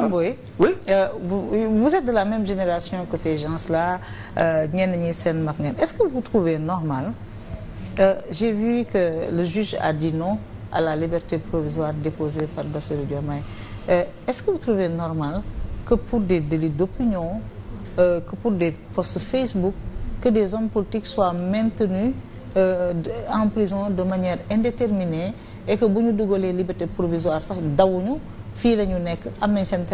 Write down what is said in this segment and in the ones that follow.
Mame Boye oui euh, vous, êtes de la même génération que ces gens-là euh, ñenn ñi seen mag ngeen est-ce que vous trouvez normal euh, j'ai vu que le juge a dit non à la liberté provisoire déposée par Bassirou Diomaye euh, est-ce que vous trouvez normal que pour des délits d'opinion euh, que pour des posts Facebook que des hommes politiques soient maintenus euh, en prison de manière indéterminée et que bu ñu dugalee liberté provisoire sax dawuñu fii la ñu nekk am nañ seen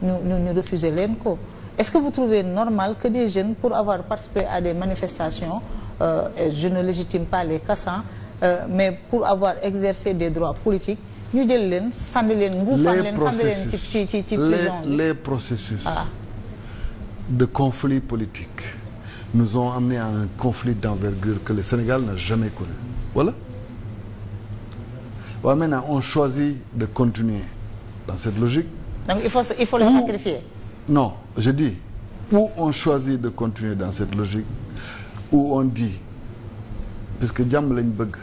ñu ñu ñu leen ko est-ce que vous trouvez normal que des jeunes pour avoir participé à des manifestations euh, je ne légitime pas les cassants euh, mais pour avoir exercé des droits politiques ñu jël leen sànni leen nguufaan leen sànni leen ci ci prison les processus voilà. Ah. de conflit politique nous ont amené à un conflit d'envergure que le Sénégal n'a jamais connu voilà waaw maintenant de continuer dans cette logique. donc il faut il faut le sacrifier. non je dis ou on choisit de continuer dans cette logique ou on dit puisque jàmm lañ bëgg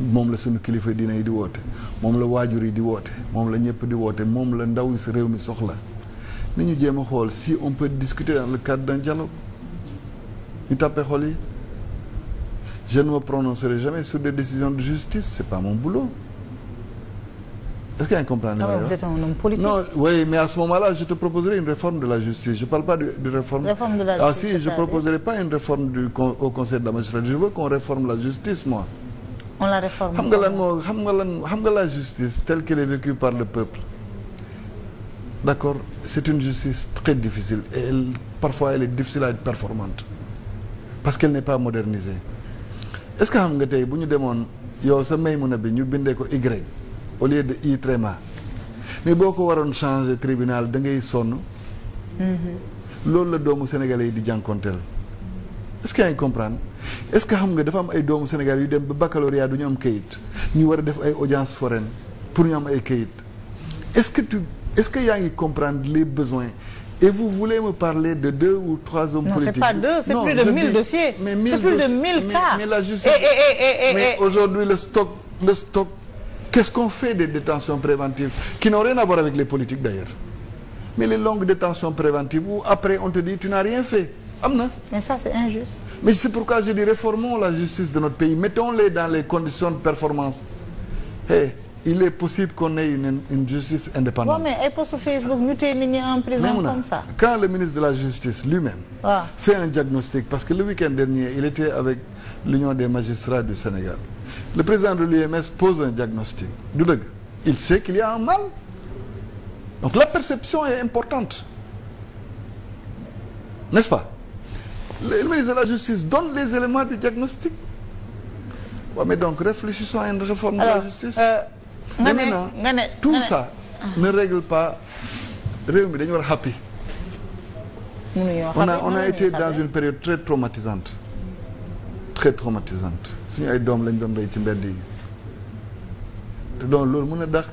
moom la suñu kilifa diine yi di woote moom la waajur yi di woote moom la ñëpp di woote moom la ndaw si réew mi soxla ni ñu jéem a xool si on peut discuter dans le cadre d'un dialogue ñu tàppee xool yi je ne me prononcerai jamais sur des décisions de justice c'est pas mon boulot. Est-ce que vous comprenez ah, Vous êtes un homme politique. Non, oui, mais à ce moment-là, je te proposerai une réforme de la justice. Je parle pas de, réforme... réforme. Ah si, je ne pas une réforme du, au Conseil de la magistrature. Je veux qu'on réforme la justice, moi. On la réforme. xam nga lan moo xam nga lan xam nga la justice telle qu'elle est vécue par le peuple d'accord c'est une justice très difficile et elle, parfois elle est difficile à être performante parce qu'elle est xam nga tey bu ñu demoon yow sa may mun a bi ñu bindee ko Y au lieu de i mais boo ko waroon changer tribunal da ngay sonn mm-hmm. loolu la doomu sénégalais yi di jànkonteel est-ce que yaa ngi comprendre est-ce que xam nga dafa am ay doomu sénégalais yu dem ba baccalauréat du ñu am kayit ñu war a def ay audience foraine pour ñu am ay kayit est-ce que tu est-ce que yaa ngi comprendre les besoins et vous voulez me parler de deux ou trois hommes non, politiques non c'est pas deux mais mille c'est plus de mille cas mais, eh, eh, eh, mais la le stock le stock Qu'est-ce qu'on fait des détentions préventives qui n'ont rien à voir avec les politiques d'ailleurs mais les longues détentions préventives où après on te dit tu n'as rien fait am na. mais ça c'est pourquoi je dis réformons la justice de notre pays mettons-les dans les conditions de performance il est possible qu'on ait une une justice indépendante. waaw mais ay post Facebook ñu téye nit ñi en prison comme ça. quand le ministre de la justice lui-même. waaw fait un diagnostic parce que le week-end dernier il était avec l'union des magistrats du Sénégal le président de l'UMS pose un diagnostic du dëgg il sait qu'il y a un mal la perception est importante n'est-ce pas le ministre de la justice donne les éléments du diagnostic waaw réfléchissons à une réforme de la justice euh, nga ne nga ne tout ça ne règle pas réew mi dañu war a happy on a on a été dans une période très traumatisante très traumatisante suñu ay doom lañ doon rey ci mbedd yi te donc loolu mën a dàq